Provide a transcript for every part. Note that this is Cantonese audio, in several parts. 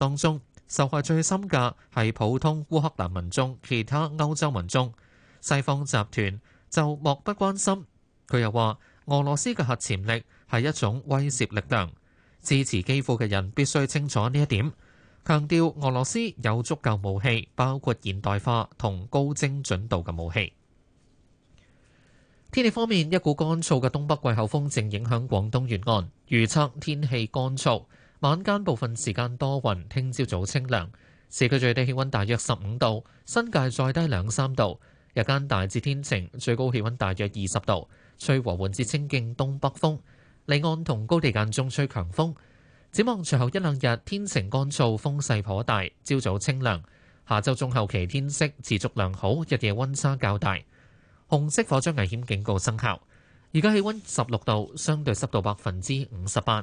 當中受害最深嘅係普通烏克蘭民眾，其他歐洲民眾、西方集團就漠不關心。佢又話，俄羅斯嘅核潛力係一種威脅力量，支持基輔嘅人必須清楚呢一點。強調俄羅斯有足夠武器，包括現代化同高精準度嘅武器。天氣方面，一股乾燥嘅東北季候風正影響廣東沿岸，預測天氣乾燥。晚間部分時間多雲，聽朝早清涼，市區最低氣溫大約十五度，新界再低兩三度。日間大致天晴，最高氣溫大約二十度，吹和緩至清勁東北風，離岸同高地間中吹強風。展望隨後一兩日，天晴乾燥，風勢頗大，朝早清涼，下周中後期天色持續良好，日夜溫差較大。紅色火災危險警告生效，而家氣溫十六度，相對濕度百分之五十八。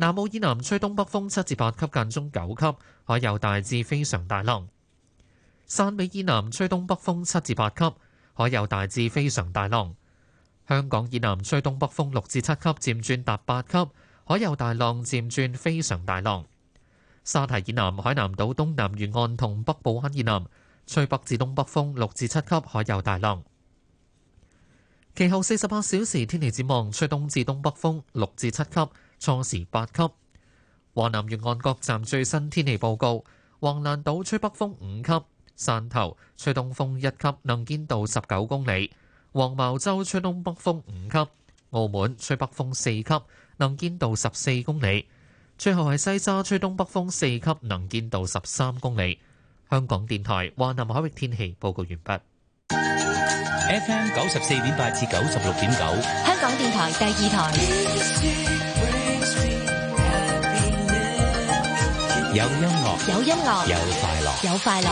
南澳以南吹東北風七至八級，間中九級，海有大至非常大浪。汕尾以南吹東北風七至八級，海有大至非常大浪。香港以南吹東北風六至七級，漸轉達八級，海有大浪漸轉非常大浪。沙提以南海南島東南沿岸同北部灣以南吹北至東北風六至七級，海有大浪。其後四十八小時天氣展望吹東至東北風六至七級。初時八級，華南沿岸各站最新天氣報告：橫瀾島吹北風五級，汕頭吹東風一級，能見度十九公里；黃茅洲吹東北風五級，澳門吹北風四級，能見度十四公里；最後係西沙吹東北風四級，能見度十三公里。香港電台華南海域天氣報告完畢。FM 九十四點八至九十六點九，香港電台第二台。有音樂，有音樂，有快樂，有快樂。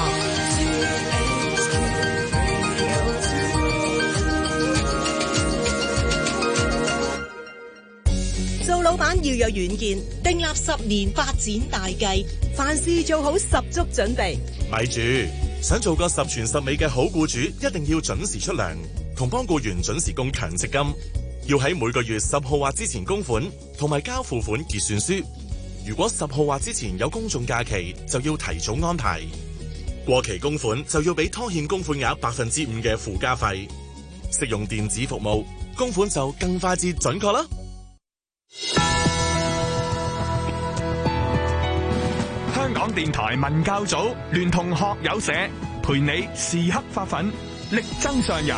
做老闆要有遠見，訂立十年發展大計，凡事做好十足準備。咪住，想做個十全十美嘅好僱主，一定要準時出糧，同幫僱員準時供強積金，要喺每個月十號或之前供款，同埋交付款結算書。如果十號或之前有公眾假期，就要提早安排。過期供款就要俾拖欠供款額百分之五嘅附加費。使用電子服務，供款就更快捷準確啦。香港電台文教組聯同學友社陪你時刻發奮，力爭上游。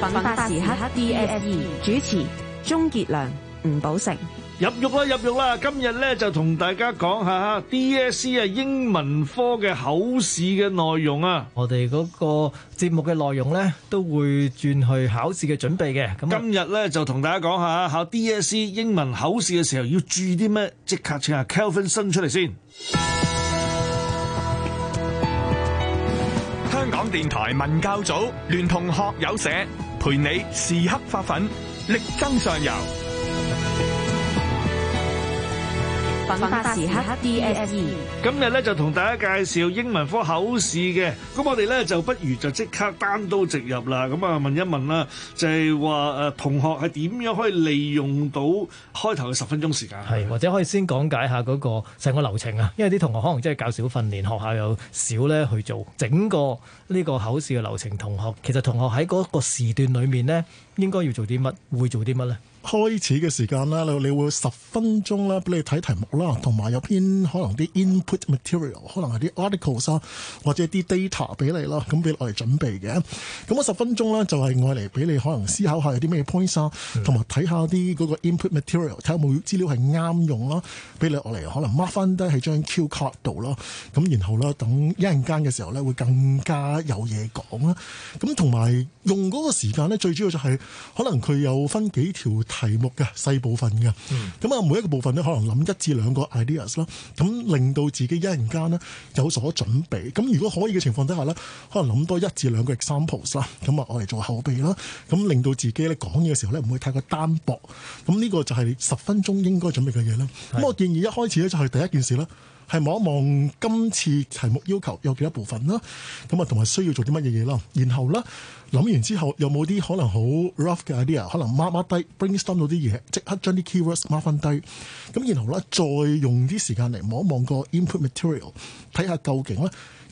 問答時刻 DSE 主持鍾傑良。吳寶成入獄啦，入獄啦！今日咧就同大家講下 DSE 啊英文科嘅考試嘅內容啊，我哋嗰個節目嘅內容咧都會轉去考試嘅準備嘅。咁今日咧就同大家講下考 DSE 英文考試嘅時候要注意啲咩？即刻請阿 Calvin Sun 出嚟先。香港電台文教組聯同學友社，陪你時刻發奮，力爭上游。時刻 DSE，今日咧就同大家介紹英文科考試嘅，咁我哋咧就不如就即刻單刀直入啦。咁啊，問一問啦，就係話誒，同學係點樣可以利用到開頭嘅十分鐘時間？係或者可以先講解下嗰個成個流程啊？因為啲同學可能真係較少訓練，學校有少咧去做整個呢個考試嘅流程。同學其實同學喺嗰個時段裏面咧，應該要做啲乜？會做啲乜咧？開始嘅時間啦，你你會十分鐘啦，俾你睇題目啦，同埋有篇可能啲 input material，可能係啲 articles 啊，或者啲 data 俾你啦，咁俾我嚟準備嘅。咁我十分鐘啦，就係我嚟俾你可能思考下有啲咩 point 啦，同埋睇下啲嗰個 input material，睇下有冇資料係啱用啦。俾你落嚟可能 mark 翻低喺張 Q card 度啦，咁然後啦，等一陣間嘅時候咧，會更加有嘢講啦。咁同埋用嗰個時間咧，最主要就係可能佢有分幾條，題目嘅細部分嘅，咁、嗯、啊每一個部分咧可能諗一至兩個 ideas 咯，咁令到自己一陣間咧有所準備。咁如果可以嘅情況底下咧，可能諗多一至兩個 examples 啦，咁啊我嚟做後備啦，咁令到自己咧講嘢嘅時候咧唔會太過單薄。咁呢個就係你十分鐘應該準備嘅嘢啦。咁我建議一開始咧就係第一件事啦。係望一望今次題目要求有幾多部分啦，咁啊同埋需要做啲乜嘢嘢咯，然後咧諗完之後，有冇啲可能好 rough 嘅 idea，可能 mark mark 低 brainstorm 到啲嘢，即刻將啲 keywords mark 翻低，咁然後咧再用啲時間嚟望一望個 input material，睇下究竟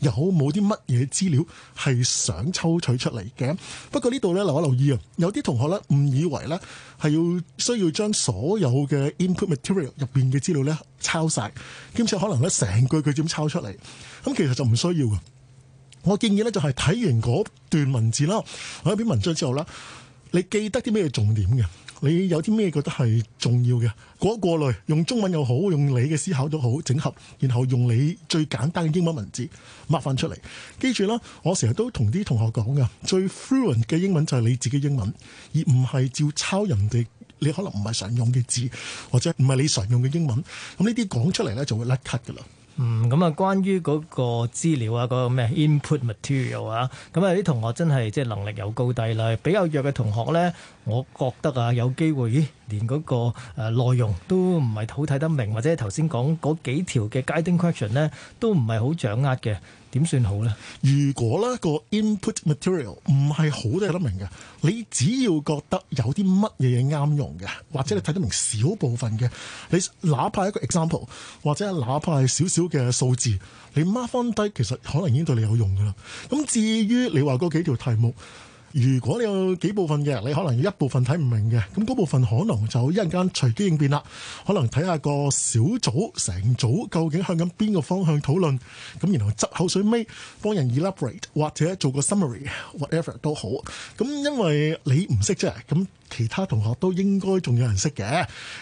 有冇啲乜嘢資料係想抽取出嚟嘅？不過呢度咧，留一留意啊！有啲同學咧誤以為咧係要需要將所有嘅 input material 入邊嘅資料咧抄晒，兼且可能咧成句句點抄出嚟。咁其實就唔需要嘅。我建議咧就係睇完嗰段文字啦，我一篇文章之後啦，你記得啲咩重點嘅？你有啲咩覺得係重要嘅？過一過濾，用中文又好，用你嘅思考都好，整合，然後用你最簡單嘅英文文字，挖翻出嚟。記住啦，我成日都同啲同學講㗎：最 fluent 嘅英文就係你自己英文，而唔係照抄人哋。你可能唔係常用嘅字，或者唔係你常用嘅英文。咁呢啲講出嚟咧，就會甩咳㗎啦。嗯，咁啊，關於嗰個資料啊，嗰、那個咩 input material 啊，咁啊啲同學真係即係能力有高低啦。比較弱嘅同學咧，我覺得啊，有機會，咦，連嗰個誒內容都唔係好睇得明，或者頭先講嗰幾條嘅 guiding question 咧，都唔係好掌握嘅。點算好咧？如果咧個 input material 唔係好睇得明嘅，你只要覺得有啲乜嘢嘢啱用嘅，或者你睇得明少部分嘅、嗯，你哪怕一個 example，或者哪怕係少少嘅數字，你 mark 翻低，其實可能已經對你有用噶啦。咁至於你話嗰幾條題目。如果你有幾部分嘅，你可能有一部分睇唔明嘅，咁嗰部分可能就一陣間隨機應變啦。可能睇下個小組成組究竟向緊邊個方向討論，咁然後執口水尾幫人 elaborate 或者做個 summary whatever 都好。咁因為你唔識啫，咁。其他同學都應該仲有人識嘅，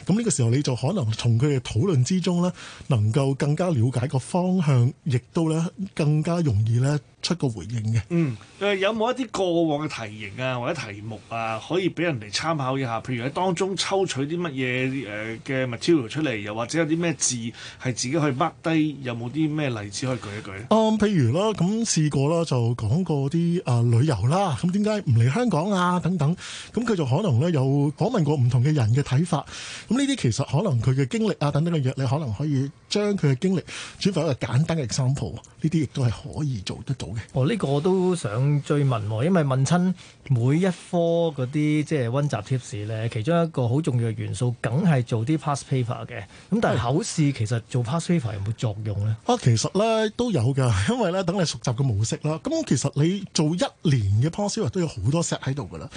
咁呢個時候你就可能從佢哋討論之中咧，能夠更加了解個方向，亦都咧更加容易咧出個回應嘅。嗯，誒、呃、有冇一啲過往嘅題型啊，或者題目啊，可以俾人哋參考一下？譬如喺當中抽取啲乜嘢誒嘅 material 出嚟，又或者有啲咩字係自己去 mark 低，有冇啲咩例子可以舉一舉？啊、嗯，譬如啦，咁試過啦，就講過啲啊、呃、旅遊啦，咁點解唔嚟香港啊？等等，咁佢就可能。有訪問過唔同嘅人嘅睇法，咁呢啲其實可能佢嘅經歷啊等等嘅嘢，你可能可以將佢嘅經歷轉化一個簡單嘅 example，呢啲亦都係可以做得到嘅。哦，呢個我都想追問，因為問親每一科嗰啲即係温習 tips 咧，其中一個好重要嘅元素，梗係做啲 past paper 嘅。咁但係考試是其實做 past paper 有冇作用咧？啊，其實咧都有㗎，因為咧等你熟習嘅模式啦。咁其實你做一年嘅 past paper 都有好多 set 喺度㗎啦。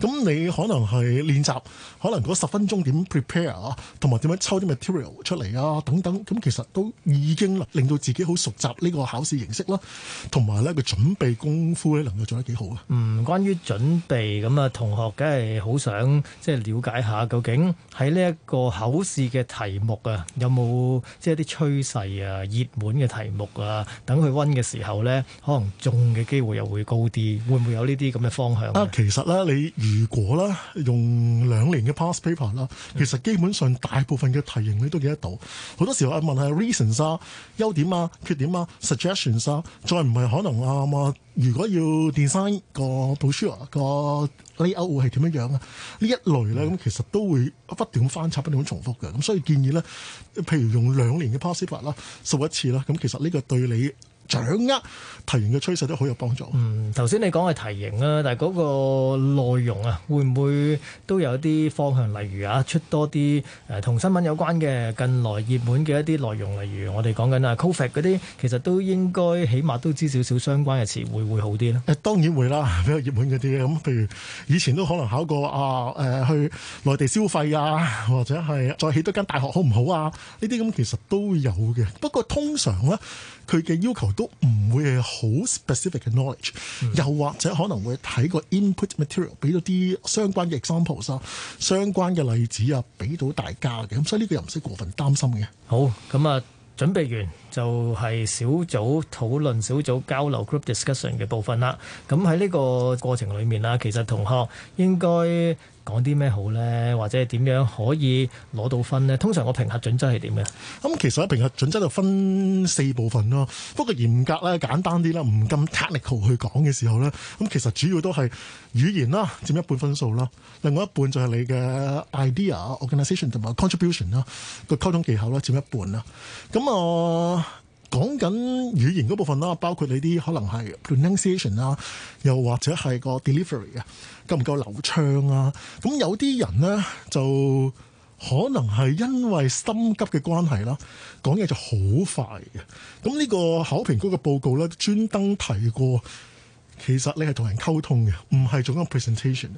咁你可能～係練習，可能嗰十分鐘點 prepare 啊，同埋點樣抽啲 material 出嚟啊，等等，咁其實都已經令到自己好熟習呢個考試形式啦，同埋咧個準備功夫咧能夠做得幾好啊？嗯，關於準備咁啊，同學梗係好想即係了解下究竟喺呢一個考試嘅題目啊，有冇即係啲趨勢啊、熱門嘅題目啊，等佢溫嘅時候咧，可能中嘅機會又會高啲，會唔會有呢啲咁嘅方向啊？其實咧，你如果啦～用兩年嘅 past paper 啦，其實基本上大部分嘅題型你都記得到。好多時候阿問下 reasons 啊、優點啊、缺點啊、suggestions 啊，再唔係可能啊如果要 design 個 proposal 個 layout 會係點樣樣啊？呢一類咧，咁其實都會不斷咁翻查，不斷咁重複嘅。咁所以建議咧，譬如用兩年嘅 past paper 啦，做一次啦。咁其實呢個對你。掌握題型嘅趨勢都好有幫助。嗯，頭先你講係題型啊，但係嗰個內容啊，會唔會都有啲方向？例如啊，出多啲誒同新聞有關嘅近來熱門嘅一啲內容，例如我哋講緊啊 Covid 嗰啲，其實都應該起碼都知少少相關嘅詞彙會，會好啲呢？誒，當然會啦，比較熱門嗰啲咁，譬如以前都可能考過啊誒、呃呃，去內地消費啊，或者係再起多間大學好唔好啊？呢啲咁其實都有嘅，不過通常咧。佢嘅要求都唔會係好 specific 嘅 knowledge，又或者可能會睇個 input material，俾到啲相關嘅 examples 啊，相關嘅例子啊，俾到大家嘅，咁所以呢個又唔使過分擔心嘅。好，咁啊，準備完就係小組討論、小組交流、group discussion 嘅部分啦。咁喺呢個過程裏面啊，其實同學應該。講啲咩好咧？或者點樣可以攞到分咧？通常我評核準則係點嘅？咁其實評核準則就分四部分咯。不過嚴格咧，簡單啲啦，唔咁 technical 去講嘅時候咧，咁其實主要都係語言啦，佔一半分數啦。另外一半就係你嘅 idea、organisation 同埋 contribution 啦，個溝通技巧啦，佔一半啦。咁啊。呃講緊語言嗰部分啦，包括你啲可能係 pronunciation 啦，又或者係個 delivery 啊，夠唔夠流暢啊？咁有啲人咧就可能係因為心急嘅關係啦，講嘢就好快嘅。咁呢個考評局嘅報告咧，專登提過。其實你係同人溝通嘅，唔係做緊 presentation。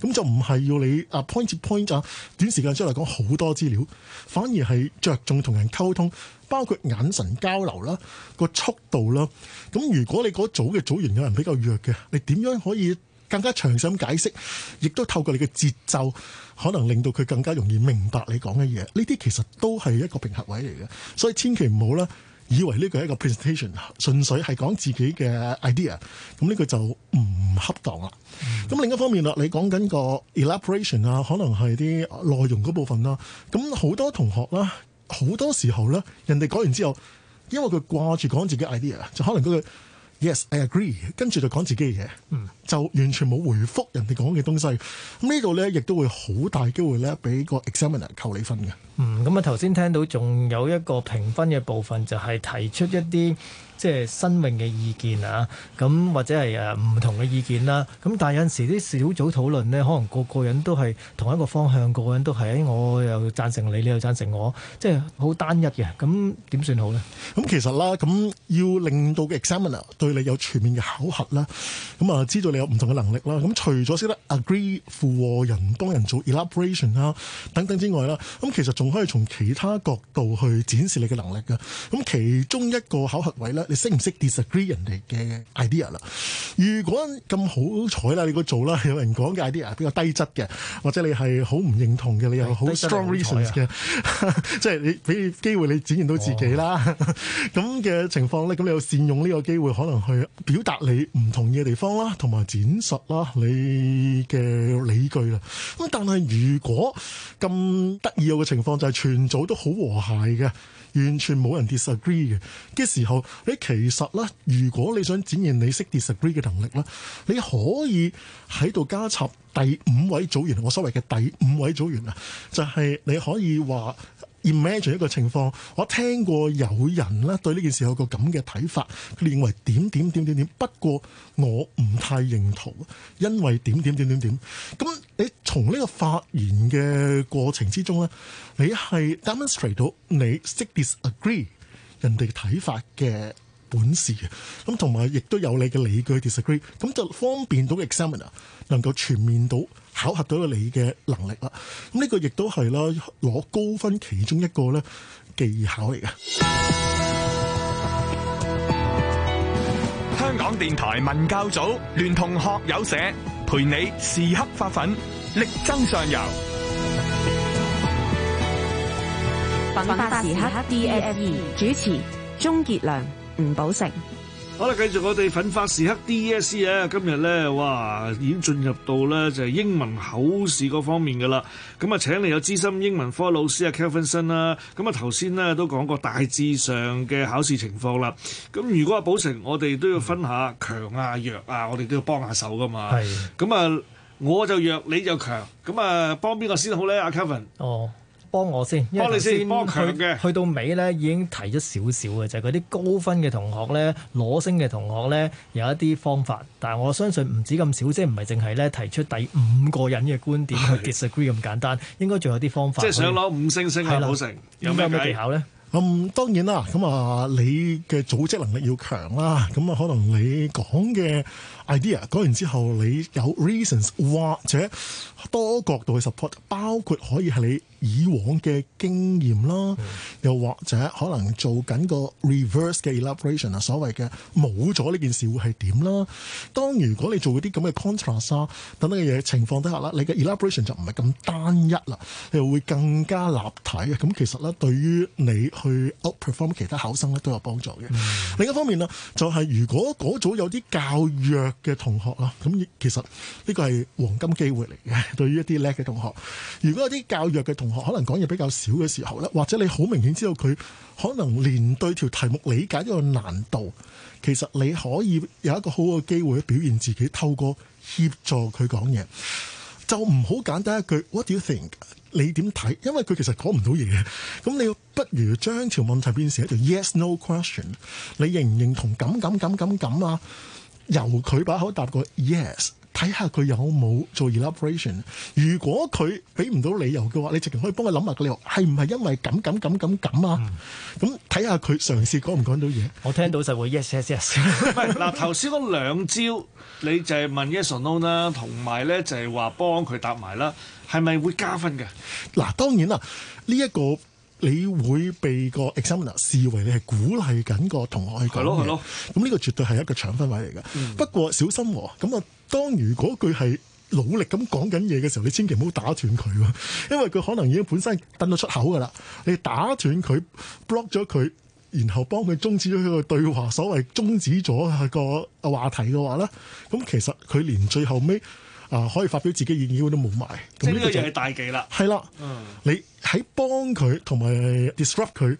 咁就唔係要你啊 point to point 啊，短時間之內講好多資料，反而係着重同人溝通，包括眼神交流啦、個速度啦。咁如果你嗰組嘅組員有人比較弱嘅，你點樣可以更加詳細咁解釋，亦都透過你嘅節奏，可能令到佢更加容易明白你講嘅嘢。呢啲其實都係一個平衡位嚟嘅，所以千祈唔好啦，以為呢個係一個 presentation，純粹係講自己嘅 idea，咁呢個就唔恰當啦。咁、嗯、另一方面啦，你講緊個 elaboration 啊，可能係啲內容嗰部分啦。咁好多同學啦，好多時候咧，人哋講完之後，因為佢掛住講自己 idea，就可能嗰句 yes，I agree，跟住就講自己嘅嘢，嗯，就完全冇回覆人哋講嘅東西。咁呢度咧，亦都會好大機會咧，俾個 examiner 扣你分嘅。嗯，咁啊，頭先聽到仲有一個評分嘅部分，就係、是、提出一啲即係新穎嘅意見啊，咁或者係誒唔同嘅意見啦。咁、啊、但係有陣時啲小組討論咧，可能個個人都係同一個方向，個個人都係，我又贊成你，你又贊成我，即係好單一嘅。咁、啊、點算好咧？咁其實啦，咁要令到嘅 examiner 對你有全面嘅考核啦，咁啊知道你有唔同嘅能力啦。咁除咗識得 agree 附和人幫人做 elaboration 啦等等之外啦，咁其實仲。可以從其他角度去展示你嘅能力噶。咁其中一個考核位咧，你識唔識 disagree 人哋嘅 idea 啦？如果咁好彩啦，你個做啦，有人講嘅 idea 比較低質嘅，或者你係好唔認同嘅，你又好 strong reasons 嘅、啊，即 係你俾機會你展現到自己啦、哦。咁 嘅情況咧，咁你有善用呢個機會可能去表達你唔同意嘅地方啦，同埋展述啦你嘅理據啦。咁但係如果咁得意嘅情況。就係、是、全組都好和諧嘅，完全冇人 disagree 嘅嘅時候，你其實咧，如果你想展現你識 disagree 嘅能力咧，你可以喺度加插。第五位組員，我所謂嘅第五位組員啊，就係、是、你可以話 imagine 一個情況，我聽過有人咧對呢件事有個咁嘅睇法，佢認為點點點點點，不過我唔太認同，因為點點點點點。咁你從呢個發言嘅過程之中咧，你係 demonstrate 到你識 disagree 人哋嘅睇法嘅。本事嘅，咁同埋亦都有你嘅理據 disagree，咁就方便到 examiner 能夠全面到考核到你嘅能力啦。咁呢個亦都係啦，攞高分其中一個咧技巧嚟嘅。香港電台文教組聯同學友社陪你時刻發奮，力爭上游。奮發時刻 DSE 主持鍾傑良。唔，寶成，好啦，繼續我哋奮發時刻 D S E 啊，今日咧，哇，已經進入到咧就係、是、英文口試嗰方面噶啦，咁啊，請你有資深英文科老師 Sun 啊，Calvin Sun 啦，咁啊頭先咧都講過大致上嘅考試情況啦，咁如果阿寶成，我哋都要分下強啊、弱啊，我哋都要幫下手噶嘛，係，咁啊，我就弱你就強，咁啊，幫邊個先好咧，阿 Calvin。哦。幫我先，幫你先，因剛才幫強嘅，去到尾咧已經提咗少少嘅，就係嗰啲高分嘅同學咧，攞星嘅同學咧有一啲方法，但係我相信唔止咁少，即係唔係淨係咧提出第五個人嘅觀點的去 disagree 咁簡單，應該仲有啲方法。即係想攞五星星嘅好成。有咩技巧咧？嗯，當然啦，咁啊，你嘅組織能力要強啦，咁啊，可能你講嘅。idea 講完之後，你有 reasons 或者多角度去 support，包括可以係你以往嘅經驗啦，mm. 又或者可能做緊個 reverse 嘅 elaboration 啊，所謂嘅冇咗呢件事會係點啦。當如果你做嗰啲咁嘅 contrast 啊等等嘅嘢情況底下啦，你嘅 elaboration 就唔係咁單一啦，又會更加立體嘅。咁其實咧，對於你去 outperform 其他考生咧都有幫助嘅。Mm. 另一方面啦，就係、是、如果嗰組有啲較弱嘅同學咯，咁其實呢個係黃金機會嚟嘅，對於一啲叻嘅同學。如果有啲較弱嘅同學可能講嘢比較少嘅時候咧，或者你好明顯知道佢可能連對條題目理解一個難度，其實你可以有一個好好嘅機會表現自己，透過協助佢講嘢，就唔好簡單一句 What do you think？你點睇？因為佢其實講唔到嘢，咁你要不如將條問題變成一條 Yes No question，你認唔認同？咁咁咁咁咁啊！由佢把口答個 yes，睇下佢有冇做 elaboration。如果佢俾唔到理由嘅話，你直情可以幫佢諗下個理由，係唔係因為咁咁咁咁咁啊？咁睇下佢嘗試講唔講到嘢。我聽到就會 yes yes yes。嗱，頭先嗰兩招，你就係問 yes or no 啦，同埋咧就係話幫佢答埋啦，係咪會加分嘅？嗱，當然啦，呢一個。你會被個 examiner 視為你係鼓勵緊個同學去講嘢咯咁呢個絕對係一個搶分位嚟嘅、嗯。不過小心喎、哦，咁啊，當如果佢係努力咁講緊嘢嘅時候，你千祈唔好打斷佢喎，因為佢可能已經本身蹬到出口㗎啦。你打斷佢，block 咗佢，然後幫佢終止咗佢個對話，所謂終止咗個個話題嘅話咧，咁其實佢連最後尾。啊、呃！可以發表自己意見都冇埋，即係呢樣嘢大忌啦。係、嗯、啦，你喺幫佢同埋 disrupt 佢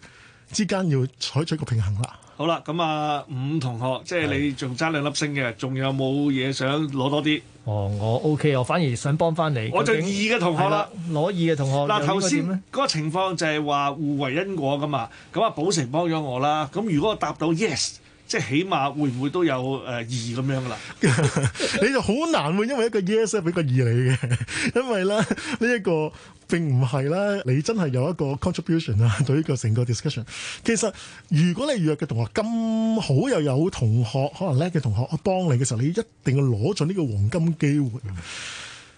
之間要採取一個平衡啦。好啦，咁啊五同學，即係你仲爭兩粒星嘅，仲有冇嘢想攞多啲？哦，我 OK，我反而想幫翻你。我就二嘅同學啦，攞二嘅同學。嗱，頭先嗰個情況就係話互為因果噶嘛。咁啊，寶成幫咗我啦。咁如果我答到 yes。即係起碼會唔會都有誒二咁樣啦？ 你就好難會，因為一個 yes 俾個二你嘅，因為咧呢一個並唔係咧，你真係有一個 contribution 啊，對於個成個 discussion。其實如果你預約嘅同學咁好又有同學可能叻嘅同學，我幫你嘅時候，你一定要攞準呢個黃金機會。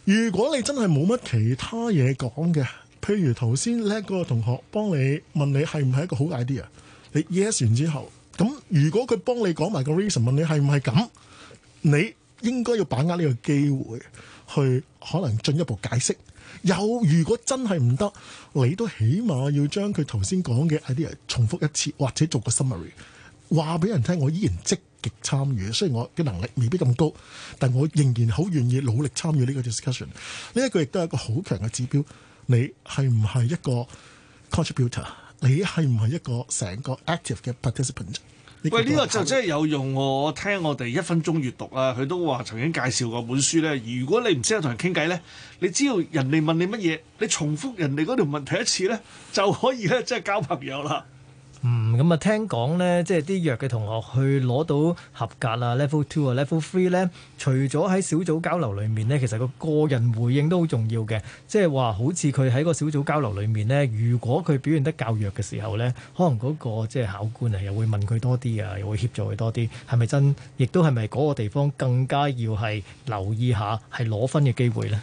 如果你真係冇乜其他嘢講嘅，譬如頭先叻嗰個同學幫你問你係唔係一個好 idea，你 yes 完之後。咁如果佢幫你講埋個 reason，問你係唔係咁，你應該要把握呢個機會去可能進一步解釋。又如果真係唔得，你都起碼要將佢頭先講嘅 idea 重複一次，或者做個 summary 話俾人聽。我依然積極參與，雖然我嘅能力未必咁高，但我仍然好願意努力參與呢個 discussion。呢一個亦都係一個好強嘅指標，你係唔係一個 contributor？你係唔係一個成個 active 嘅 participant？喂，呢個就真係有用。我聽我哋一分鐘閱讀啊，佢都話曾經介紹過本書咧。如果你唔識得同人傾偈咧，你只要人哋問你乜嘢，你重複人哋嗰條問題一次咧，就可以咧，即係交朋友啦。嗯，咁啊，聽講呢，即係啲弱嘅同學去攞到合格啊，Level 2啊，Level Two 啊，Level Three 呢，除咗喺小組交流裏面呢，其實個個人回應都好重要嘅。即係話，好似佢喺個小組交流裏面呢，如果佢表現得較弱嘅時候呢，可能嗰、那個即係、就是、考官啊，又會問佢多啲啊，又會協助佢多啲，係咪真？亦都係咪嗰個地方更加要係留意下，係攞分嘅機會呢？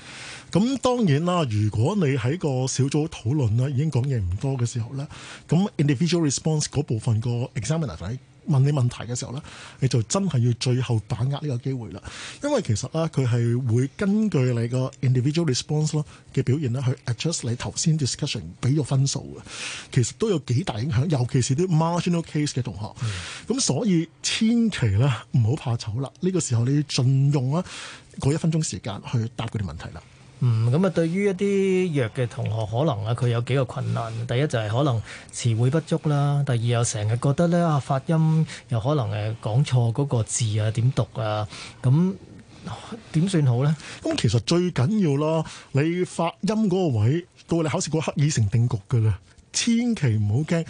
咁當然啦，如果你喺個小組討論啦，已經講嘢唔多嘅時候咧，咁 individual response 嗰部分個 examiner 仔問你問題嘅時候咧，你就真係要最後把握呢個機會啦。因為其實咧，佢係會根據你個 individual response 咯嘅表現咧，去 adjust 你頭先 discussion 俾咗分數嘅。其實都有幾大影響，尤其是啲 marginal case 嘅同學。咁所以千祈咧，唔好怕醜啦。呢個時候你要盡用啊嗰一分鐘時間去答佢哋問題啦。嗯，咁啊，對於一啲弱嘅同學，可能啊，佢有幾個困難。第一就係可能詞彙不足啦，第二又成日覺得咧啊發音又可能係講錯嗰個字啊點讀啊，咁點算好咧？咁其實最緊要啦，你發音嗰個位到你考試嗰刻已成定局㗎啦。千祈唔好驚，嗰、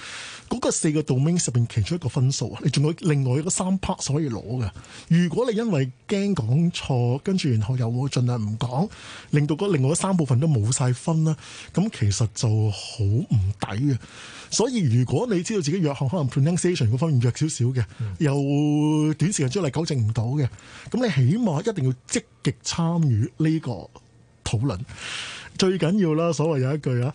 那個四個 domain 入面其中一個分數啊，你仲有另外一個三 part 可以攞嘅。如果你因為驚講錯，跟住然後又會盡量唔講，令到嗰另外三部分都冇晒分啦，咁其實就好唔抵嘅。所以如果你知道自己弱項，可能 pronunciation 嗰方面弱少少嘅，又、嗯、短時間之內糾正唔到嘅，咁你起碼一定要積極參與呢個討論。最緊要啦，所謂有一句啊，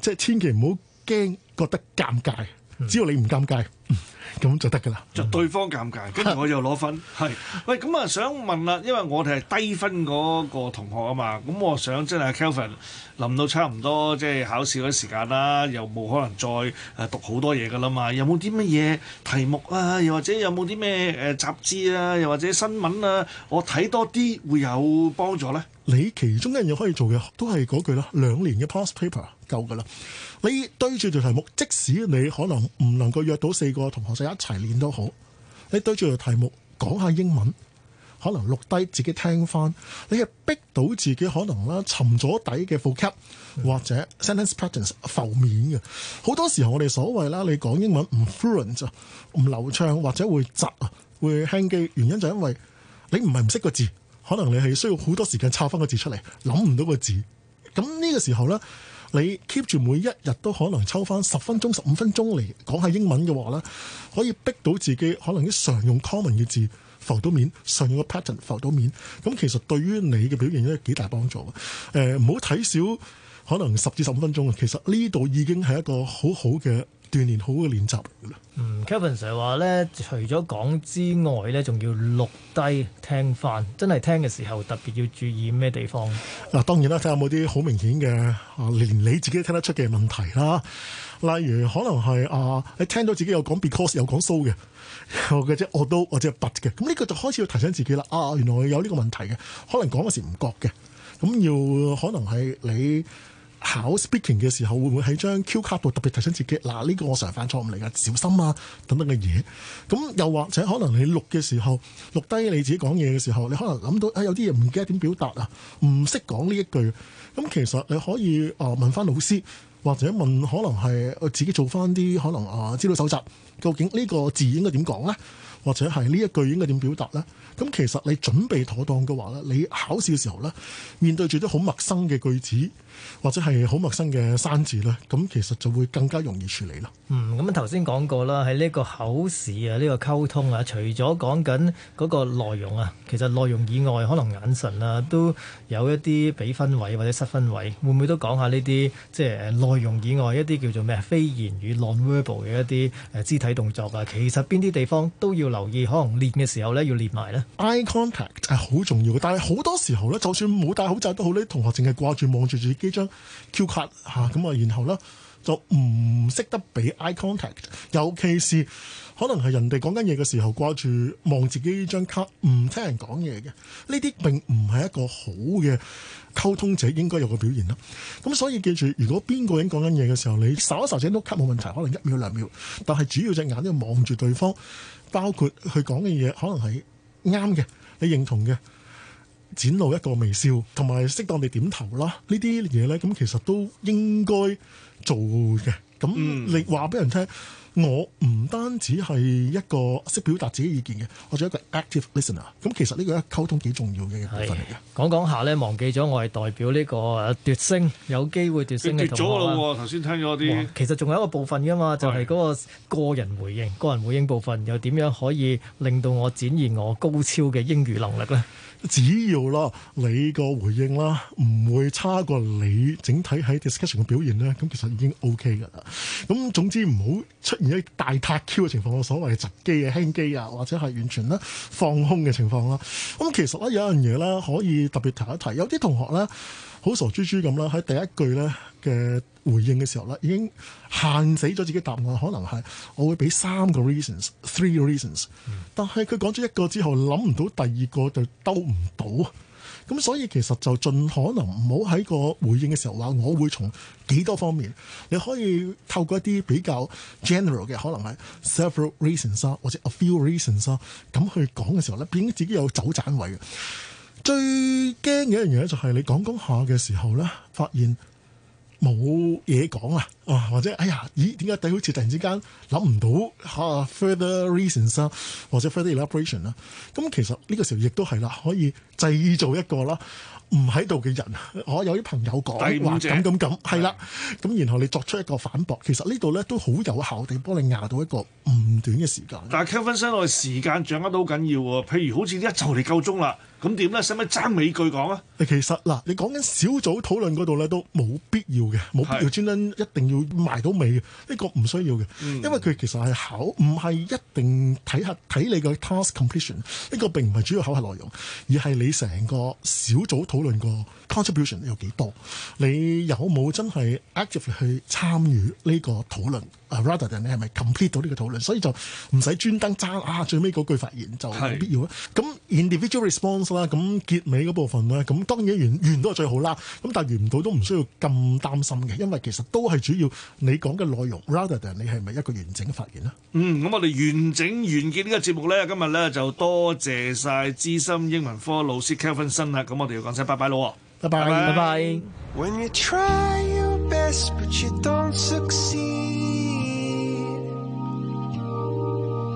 即係千祈唔好。驚覺得尷尬。只要你唔尷尬。咁、嗯、就得噶啦，就對方尷尬，跟、嗯、住我就攞分。係， 喂，咁啊想問啦，因為我哋係低分嗰個同學啊嘛，咁我想即係 Calvin 臨到差唔多即係、就是、考試嗰啲時間啦，又冇可能再誒、呃、讀好多嘢噶啦嘛，有冇啲乜嘢題目啊？又或者有冇啲咩誒雜誌啊？又或者新聞啊？我睇多啲會有幫助咧？你其中一樣可以做嘅，都係嗰句啦，兩年嘅 past paper 夠噶啦。你對住條題目，即使你可能唔能夠約到四個。同學仔一齊練都好，你對住個題目講下英文，可能錄低自己聽翻，你係逼到自己可能咧沉咗底嘅 vocab 或者 sentence patterns 浮面嘅。好多時候我哋所謂啦，你講英文唔 fluent 唔流暢，或者會窒，啊，會輕機，原因就因為你唔係唔識個字，可能你係需要好多時間抄翻個字出嚟，諗唔到個字。咁呢個時候咧，你 keep 住每一日都可能抽翻十分鐘、十五分鐘嚟講下英文嘅話咧，可以逼到自己可能啲常用 common 嘅字浮到面，常用嘅 pattern 浮到面。咁其實對於你嘅表現都幾大幫助。誒、呃，唔好睇少可能十至十五分鐘啊，其實呢度已經係一個好好嘅。鍛煉好嘅練習。嗯，Calvin 成日話咧，除咗講之外咧，仲要錄低聽翻。真係聽嘅時候，特別要注意咩地方？嗱，當然啦，睇下有冇啲好明顯嘅，連你自己都聽得出嘅問題啦。例如，可能係啊，你聽到自己有講 because 有講 so 嘅，我嘅啫，我都或者係 but 嘅。咁呢個就開始要提醒自己啦。啊，原來我有呢個問題嘅，可能講嗰時唔覺嘅，咁要可能係你。考 speaking 嘅時候，會唔會喺張 Q 卡度特別提醒自己？嗱、啊，呢、呢個我成日犯錯誤嚟噶，小心啊！等等嘅嘢。咁又或者可能你錄嘅時候，錄低你自己講嘢嘅時候，你可能諗到啊，有啲嘢唔記得點表達啊，唔識講呢一句。咁其實你可以啊、呃、問翻老師，或者問可能係自己做翻啲可能啊、呃、資料搜集，究竟呢個字應該點講咧？或者係呢一句應該點表達咧？咁其實你準備妥當嘅話咧，你考試嘅時候咧，面對住啲好陌生嘅句子。或者係好陌生嘅生字咧，咁其實就會更加容易處理啦。嗯，咁啊頭先講過啦，喺呢個口試啊，呢個溝通啊，除咗講緊嗰個內容啊，其實內容以外，可能眼神啊都有一啲比分位或者失分位，會唔會都講下呢啲即係內容以外一啲叫做咩非言語 non-verbal 嘅一啲誒肢體動作啊？其實邊啲地方都要留意，可能練嘅時候咧要練埋呢。Eye contact 係好重要嘅，但係好多時候咧，就算冇戴口罩都好咧，同學淨係掛住望住自己。張 Q 卡吓，咁啊，然後咧就唔識得俾 eye contact，尤其是可能係人哋講緊嘢嘅時候，掛住望自己呢張卡，唔聽人講嘢嘅，呢啲並唔係一個好嘅溝通者應該有個表現啦。咁所以記住，如果邊個人講緊嘢嘅時候，你睄一睄仔碌卡冇問題，可能一秒兩秒，但係主要隻眼都要望住對方，包括佢講嘅嘢，可能係啱嘅，你認同嘅。展露一個微笑，同埋適當地點頭啦，呢啲嘢咧，咁其實都應該做嘅。咁你話俾人聽，我唔單止係一個識表達自己意見嘅，我仲一個 active listener。咁其實呢個一溝通幾重要嘅部分嚟嘅。講講下咧，忘記咗我係代表呢個誒奪星有機會奪星嘅同學啦。頭先聽咗啲，其實仲有一個部分噶嘛，就係嗰個個人回應、個人回應部分，又點樣可以令到我展現我高超嘅英語能力咧？只要啦，你個回應啦，唔會差過你整體喺 discussion 嘅表現咧，咁其實已經 OK 㗎啦。咁總之唔好出現一大塔 Q 嘅情況，所謂窒機啊、輕機啊，或者係完全咧放空嘅情況啦。咁其實咧有一樣嘢咧可以特別提一提，有啲同學咧好傻豬豬咁啦，喺第一句咧，嘅回應嘅時候咧，已經限死咗自己答案，可能係我會俾三個 reasons，three reasons。Reasons，但係佢講咗一個之後，諗唔到第二個就兜唔到，咁所以其實就盡可能唔好喺個回應嘅時候話，我會從幾多方面，你可以透過一啲比較 general 嘅，可能係 several reasons 啊，或者 a few reasons 啊，咁去講嘅時候咧，變成自己有走盞位。最驚嘅一樣嘢就係你講講下嘅時候咧，發現。冇嘢講啊！啊或者哎呀，咦？點解突然好似突然之間諗唔到嚇？Further reasons、啊、或者 further elaboration 啦、啊。咁、啊、其實呢個時候亦都係啦，可以製造一個啦，唔喺度嘅人。我、啊、有啲朋友講話，咁咁咁係啦。咁然後你作出一個反駁，其實呢度咧都好有效地幫你壓到一個唔短嘅時間。但係 conversation 我時間掌握都好緊要喎。譬如好似呢一就嚟夠鐘啦。咁點咧？使唔使爭尾句講啊？其實嗱，你講緊小組討論嗰度咧，都冇必要嘅，冇必要專登一定要埋到尾嘅，呢、呢個唔需要嘅、嗯，因為佢其實係考，唔係一定睇下睇你個 task completion，呢個並唔係主要考核內容，而係你成個小組討論個 contribution 有幾多，你有冇真係 active 去參與呢個討論？Rather than 你係咪 complete 到呢個討論？所以就唔使專登爭啊，最尾嗰句發言就冇必要啦。咁 individual response 啦，咁結尾嗰部分咧，咁當然完完都係最好啦。咁但係完唔到都唔需要咁擔心嘅，因為其實都係主要你講嘅內容。rather than 你係咪一個完整嘅發言咧？嗯，咁我哋完整完結呢個節目咧，今日咧就多謝晒資深英文科老師 Calvin Sun 啊，咁我哋要講聲拜拜咯，拜拜拜拜。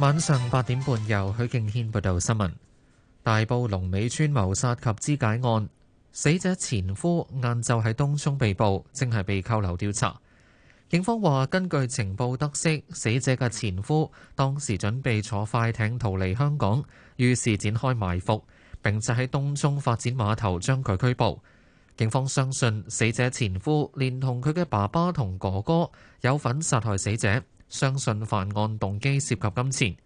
晚上八點半，由許敬軒報道新聞。大埔龍尾村謀殺及肢解案，死者前夫晏晝喺東涌被捕，正係被扣留調查。警方話，根據情報得悉，死者嘅前夫當時準備坐快艇逃離香港，於是展開埋伏，並且喺東涌發展碼頭將佢拘捕。警方相信，死者前夫連同佢嘅爸爸同哥哥有份殺害死者。相信犯案動機涉及金錢。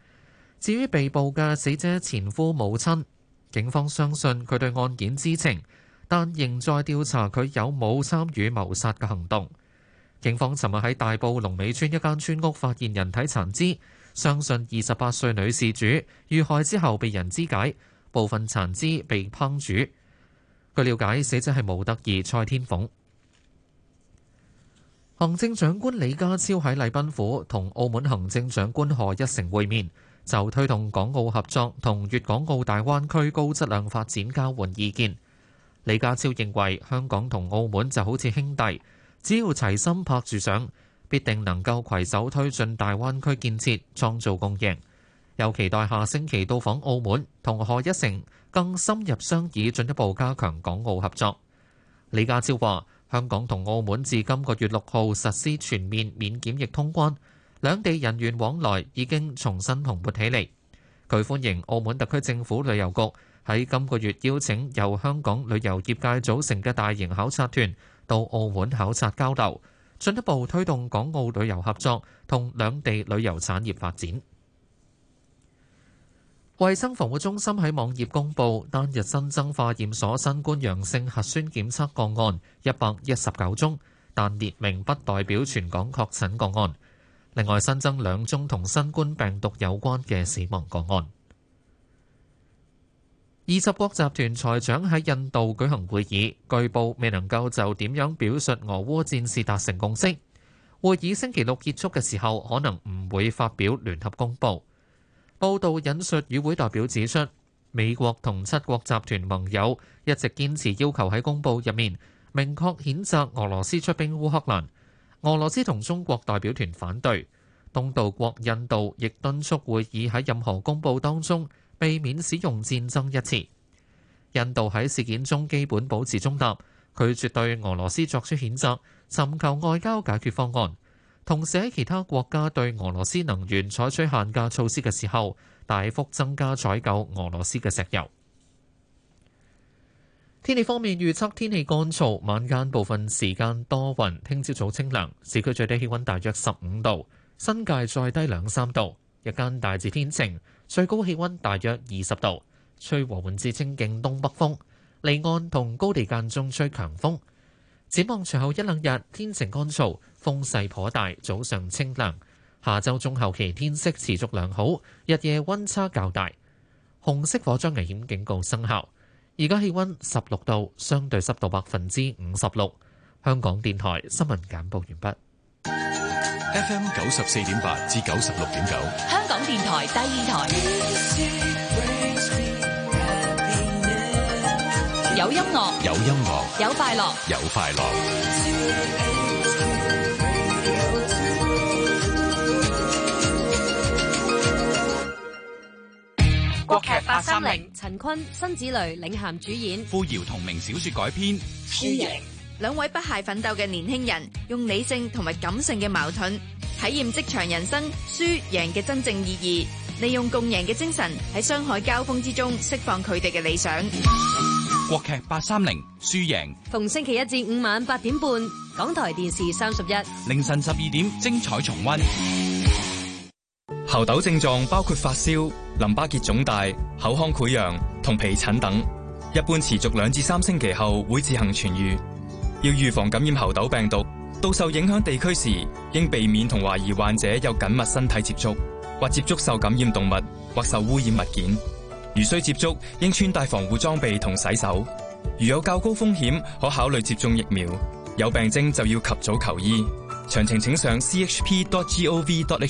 至於被捕嘅死者前夫母親，警方相信佢對案件知情，但仍在調查佢有冇參與謀殺嘅行動。警方尋日喺大埔龍尾村一間村屋發現人體殘肢，相信二十八歲女事主遇害之後被人肢解，部分殘肢被烹煮。據了解，死者係模特兒蔡天鳳。行政長官李家超喺禮賓府同澳門行政長官賀一誠會面，就推動港澳合作同粵港澳大灣區高質量發展交換意見。李家超認為香港同澳門就好似兄弟，只要齊心拍住上，必定能夠攜手推進大灣區建設，創造共贏。又期待下星期到訪澳門，同賀一誠更深入商議，進一步加強港澳合作。李家超話。香港同澳門自今個月六號實施全面免檢疫通關，兩地人員往來已經重新蓬勃起嚟。佢歡迎澳門特區政府旅遊局喺今個月邀請由香港旅遊業界組成嘅大型考察團到澳門考察交流，進一步推動港澳旅遊合作同兩地旅遊產業發展。衛生防護中心喺網頁公布單日新增化驗所新冠陽性核酸檢測個案一百一十九宗，但列明不代表全港確診個案。另外新增兩宗同新冠病毒有關嘅死亡個案。二十國集團財長喺印度舉行會議，據報未能夠就點樣表述俄烏戰事達成共識。會議星期六結束嘅時候，可能唔會發表聯合公布。報道引述與會代表指出，美國同七國集團盟友一直堅持要求喺公佈入面明確譴責俄羅斯出兵烏克蘭。俄羅斯同中國代表團反對，東道國印度亦敦促會議喺任何公佈當中避免使用戰爭一詞。印度喺事件中基本保持中立，拒絕對俄羅斯作出譴責，尋求外交解決方案。同時喺其他國家對俄羅斯能源採取限價措施嘅時候，大幅增加採購俄羅斯嘅石油。天氣方面預測天氣乾燥，晚間部分時間多雲，聽朝早清涼，市區最低氣溫大約十五度，新界再低兩三度，日間大致天晴，最高氣溫大約二十度，吹和緩至清勁東北風，離岸同高地間中吹強風。展望隨後一兩日，天晴乾燥，風勢頗大，早上清涼。下週中後期天色持續良好，日夜溫差較大。紅色火災危險警告生效。而家氣溫十六度，相對濕度百分之五十六。香港電台新聞簡報完畢。FM 九十四點八至九十六點九，香港電台第二台。有音樂，有音樂，有快樂，有快樂。國劇八三零，陳坤、辛芷蕾領銜主演，付遙同名小說改編。輸贏，兩位不懈奮鬥嘅年輕人，用理性同埋感性嘅矛盾，體驗職場人生輸贏嘅真正意義。利用共贏嘅精神喺商海交鋒之中，釋放佢哋嘅理想。國劇八三零輸贏，逢星期一至五晚八點半，港台電視三十一，凌晨十二點精彩重溫。猴痘症狀包括發燒、淋巴結腫大、口腔潰瘍同皮疹等，一般持續兩至三星期後會自行痊癒。要預防感染猴痘病毒，到受影響地區時應避免同懷疑患者有緊密身體接觸，或接觸受感染動物或受污染物件。如需接觸，應穿戴防護裝備同洗手。如有較高風險，可考慮接種疫苗。有病徵就要及早求醫。詳情請上 c h p dot g o v d o